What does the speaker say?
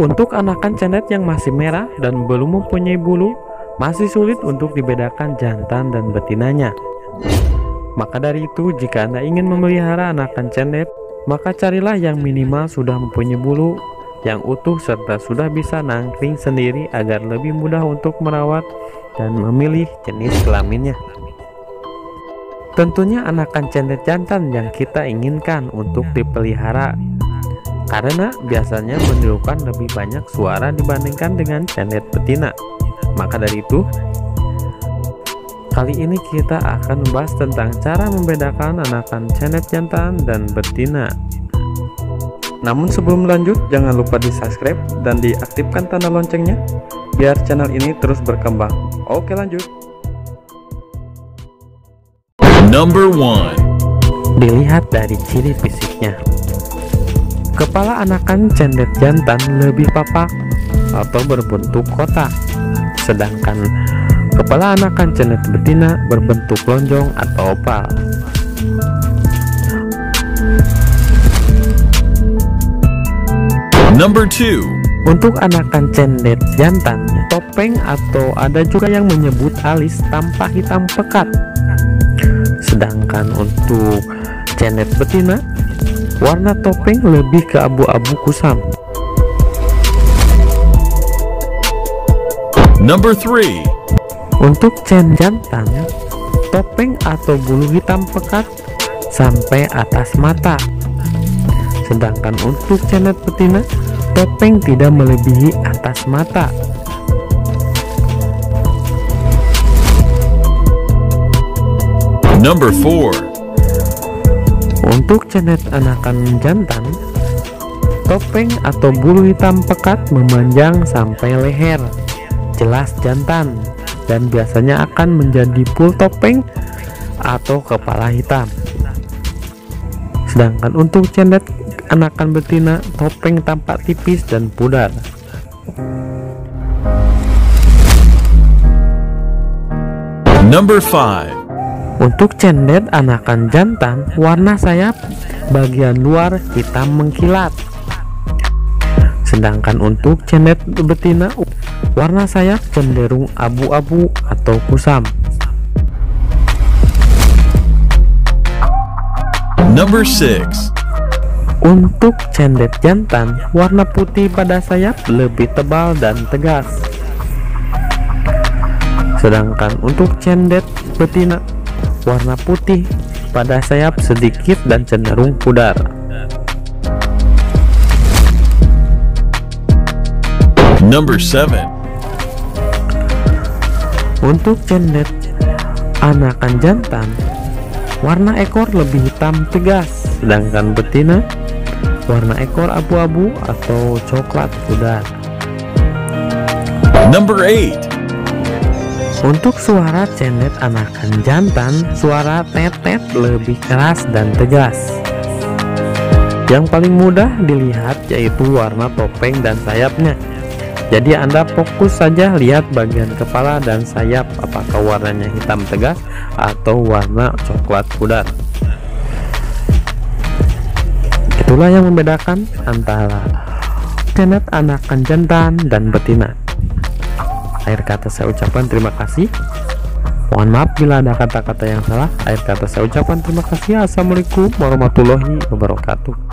Untuk anakan cendet yang masih merah dan belum mempunyai bulu, masih sulit untuk dibedakan jantan dan betinanya. Maka dari itu, jika Anda ingin memelihara anakan cendet, maka carilah yang minimal sudah mempunyai bulu yang utuh serta sudah bisa nangkring sendiri agar lebih mudah untuk merawat dan memilih jenis kelaminnya. Tentunya anakan cendet jantan yang kita inginkan untuk dipelihara karena biasanya menirukan lebih banyak suara dibandingkan dengan cendet betina. Maka dari itu, kali ini kita akan membahas tentang cara membedakan anakan cendet jantan dan betina. Namun sebelum lanjut, jangan lupa di subscribe dan diaktifkan tanda loncengnya, biar channel ini terus berkembang. Oke lanjut. Number one. Dilihat dari ciri fisiknya, Kepala anakan cendet jantan lebih papak atau berbentuk kotak, sedangkan kepala anakan cendet betina berbentuk lonjong atau opal. Number two. Untuk anakan cendet jantan, topeng atau ada juga yang menyebut alis tampak hitam pekat. Sedangkan untuk cendet betina warna topeng lebih ke abu-abu kusam Number 3 Untuk chain jantan topeng atau bulu hitam pekat sampai atas mata sedangkan untuk cenet betina topeng tidak melebihi atas mata Number 4 Untuk cendet anakan jantan, topeng atau bulu hitam pekat memanjang sampai leher, jelas jantan, dan biasanya akan menjadi full topeng atau kepala hitam. Sedangkan untuk cendet anakan betina, topeng tampak tipis dan pudar. Number 5 untuk cendet anakan jantan, warna sayap bagian luar hitam mengkilat. Sedangkan untuk cendet betina, warna sayap cenderung abu-abu atau kusam. Number 6 untuk cendet jantan, warna putih pada sayap lebih tebal dan tegas. Sedangkan untuk cendet betina, warna putih pada sayap sedikit dan cenderung pudar. Number seven. Untuk cendet anakan jantan, warna ekor lebih hitam tegas, sedangkan betina warna ekor abu-abu atau coklat pudar. Number 8 untuk suara cendet anakan jantan, suara tetet lebih keras dan tegas. Yang paling mudah dilihat yaitu warna topeng dan sayapnya. Jadi Anda fokus saja lihat bagian kepala dan sayap apakah warnanya hitam tegas atau warna coklat pudar. Itulah yang membedakan antara cendet anakan jantan dan betina. Akhir kata saya ucapkan terima kasih. Mohon maaf bila ada kata-kata yang salah. Akhir kata saya ucapkan terima kasih. Assalamualaikum warahmatullahi wabarakatuh.